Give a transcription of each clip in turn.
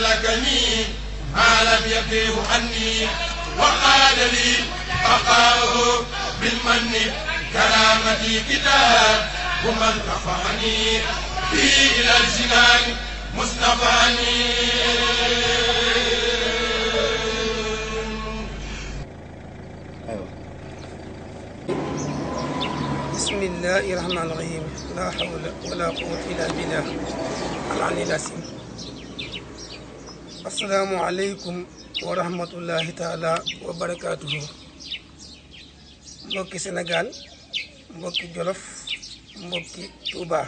لكني ما لم يقيه عني وقال لي بقاؤه بالمن كرامتي كتاب ومن انتفعني به إلى الجنان مصطفاني أيوة. بسم الله الرحمن الرحيم لا حول ولا قوة إلا بالله العلي العظيم asalaamualeykum wa rahmatullahi taala wa barakaatuhu mbokki Sénégal mbokki Jolof mbokki Touba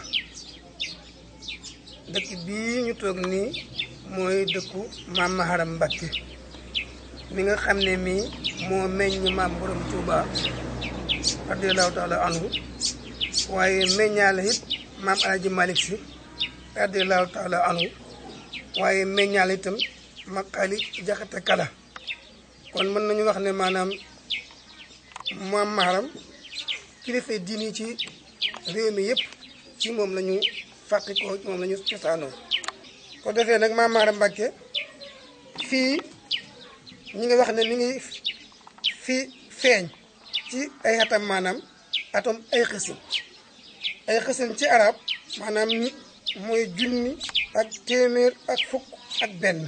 dëkk bii ñu toog nii mooy dëkku maam Maharam Mbacke mi nga xam ne mii moo meññ maam borom Touba radiallahu taala anhu waaye meññaale it maam Alaaji Malick si radiallahu taala anhu waaye meññaal itam maqaali jaxate kada kon mën nañu wax ne maanaam maam maaram kilifa diini ci réew mi yëpp ci moom lañu ñu ko ci moom lañu cosaanoo ko defee nag maam maaram Mbàkke fii ñi ngi wax ne mi ngi fi feeñ ci ay atam maanaam atom ay xësin ay xësin ci arab maanaam muy junni ak téeméer ak fukk ak benn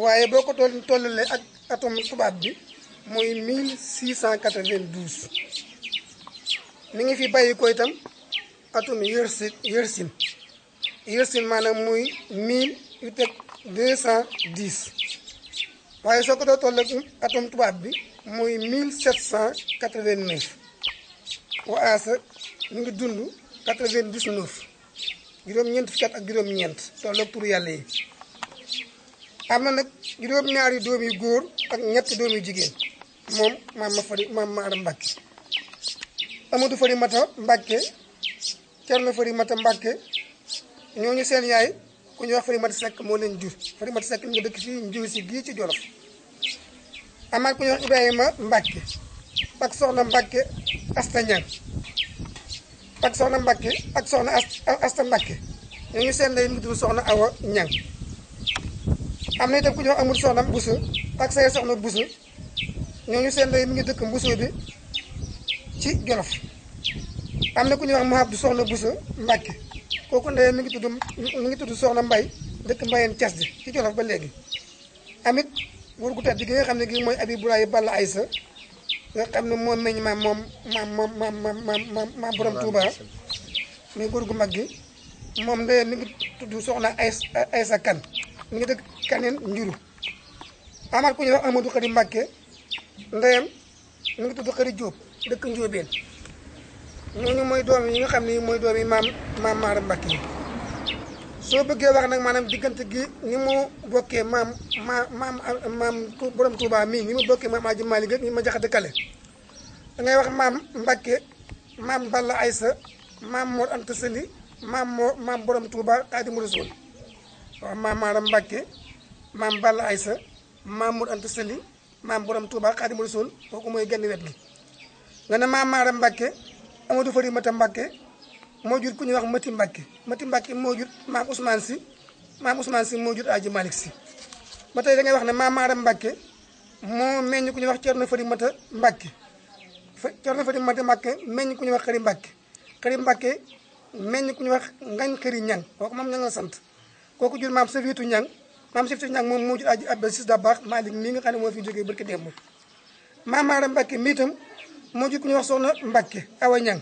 waaye boo ko toll tollalee ak atom tubaab bi mooy 1692 mi ngi fi bàyyi ko itam atom yërsin yërsin yërsin maanaam muy 1000 yu teg 210 waaye soo ko doo toll ak atom tubaab bi mooy 1789 waasa mi ngi dund 99 juroom ñent fukki at ak juroom ñent tolok pour yalla yi amna nak juroom ñaari doom yu góor ak ñetti doom yu jigéen moom ma fari mam ma ara mbacke amadou fari mata mbacke cerno fari mata ñoo ñu seen yaay ku ñuy wax fari mata sek mo leen jur fari mata sek nga dëkk ci njiw ci gi ci jolof amal ku ñuy wax ibrahima mbacke ak soxna mbacke asta ak soxna Mbacke ak soxna Asta Mbacke ñooñu seen ndey mu tudd soxna Awa Ñang am na itam ku ñu wax amul soxna Bousso ak say soxna Bousso ñooñu seen ndey mi ngi dëkk Mbuso bi ci Jolof am na ku ñuy wax Mahabdu soxna Bousso Mbacke kooku ndey mi ngi tudd mi ngi tudd soxna Mbay dëkk Mbayeen Cas di ci Jolof ba léegi amit buur gu tedd gi nga xam ne gi mooy Abibulaay Balla Aysa nga xam ne moom meñ ma moom ma ma ma ma ma ma borom Touba muy góor gu mag gi moom ndeyam mi ngi tudd soxna ay Aysa Kan mi ngi dëkk Kaneen Njuru amaat ku ñuy wax Amadou Xari Mbàkke ndeyam mi ngi tudd Xari Jóob dëkk Njóobeen ñooñu mooy doom yi nga xam ne mooy doom yi maam maam Maara Mbàkke yi so bëggee wax nag maanaam diggante gi ni mu bokkee maam ma maam maam borom Touba mi ni mu bokkee maam Aji malik ni ma jaxate kale da ngay wax maam Mbacke maam Balla Aysa maam Mor Anta Sali maam mo maam borom Touba Xaadimu Rasuul waaw maam Maaram Mbacke maam Balla Aysa maam Mor Anta Sali maam borom Touba Xaadimu Rasuul kooku mooy genn wet gi nga ne maam Maaram Mbacke Amadou Fari Mata Mbacke mo jur ku ñuy wax Mati Mbacke Mati Mbacke mo jur maam Ousmane si maam Ousmane si mo jur Aji malik si ba tey da ngay wax ne maam Maram Mbacke mo meñ ku ñuy wax Thierno Fari Mata Mbacke Thierno Fari Mata Mbacke meñ ku wax xari Mbacke xari Mbacke meñ ku wax Ngañ xari Ñang koku mam ñanga sant kooku jur maam sefitu Ñang mam sefitu Ñang mo mo jur Aji Abdel Sis bax malik mi nga xane mo fi joge barke dem maam Maram Mbacke mitam mo jur ku wax Soxna Mbacke Awa Ñang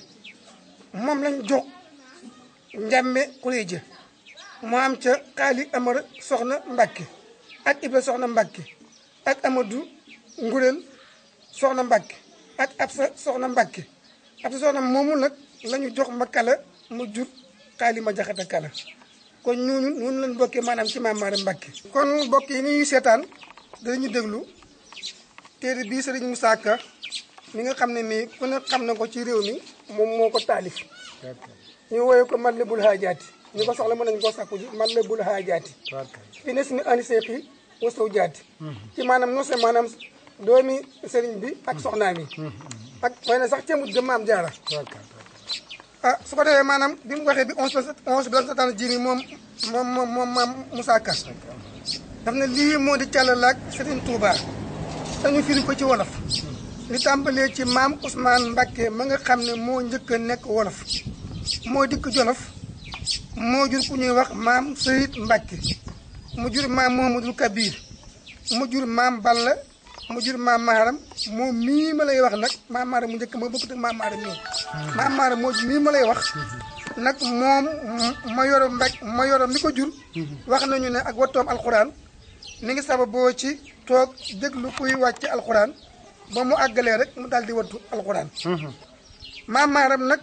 moom lañ jox njàmme collège mu am ca xaali amar soxna Mbacke ak Ibra soxna Mbacke ak amadu Ngurel soxna Mbacke ak Absa soxna Mbacke Absa soxna moomu nag la jox ma kala mu jur xaali ma jaxata kala kon ñooñu ñun lañ bokkee maanaam ci maam Maara Mbacke kon mbokk yi ni ñuy seetaan danañu déglu téere bii Serigne Moussa Ka mi nga xam ne mii ku ne xam na ko ci réew mi moom moo ko taalif ñu wooye ko matlabul haajaati ñu ko soxla mën nañu koo sàkku ji matlabul haajaati fi ne si ni ani seeqi wasaw jaati mhm. ci maanaam non seulement maanaam doomi sëriñ bi ak mhm. soxnaam yi mhm. ak xëy na sax cemut gëm maam jaara a ah, su ko defee maanaam bi mu waxee bi onze onze bi la satan jiri moom moom moom moom maam Moussa Ka daf na lii moo di càllalaak Sëriñ Tuubaa dañu firi ko ci wolof li tàmbalee ci maam usmaan Mbakke ma nga xam ne moo njëkk nekk wolof moo dikk jolof moo jur ku ñuy wax maam Seyid Mbakke mu jur maam Mohamadul Kabir mu jur maam Balla mu jur maam Maaram moom mii ma lay wax nag maam mu njëkk ma bëgg te maam Maaram mii maam moo mii ma lay wax nag moom ma yoro Mbak ma yoro mi ko jur wax nañu ne ak wattoom alxuraan ni ngi sababoo ci toog déglu kuy wàcc alxuraan ba mu àggalee rek mu daal di wattu alxuraan. Mhm. maam maaram nag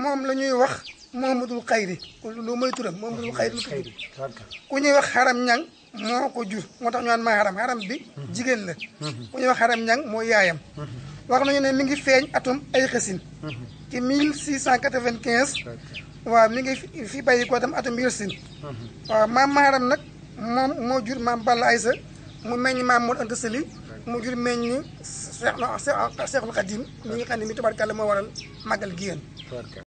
moom la ñuy wax Muhammadul Xayri lu mooy turam Muhammadul Xayri lu tudd ku ñuy wax xaram ñang moo ko jur moo tax ñu naan maa bi mhm. jigéen la mhm. ñuy wax xaram moo yaayam wax nañu ne mi ngi feeñ atum ay xasin ci mille six cent quatre-vingt-quinze waaw mi ngi fi bàyyi koo tam atum yër sin waaw maam maaram nag moom moo jur maam Balla Aysa mu meññ maam Mor Anta Sali mu jur meññ Seexul Xadiim mi nga xam ne mi tubaarkàlla moo waral màggal gi yéen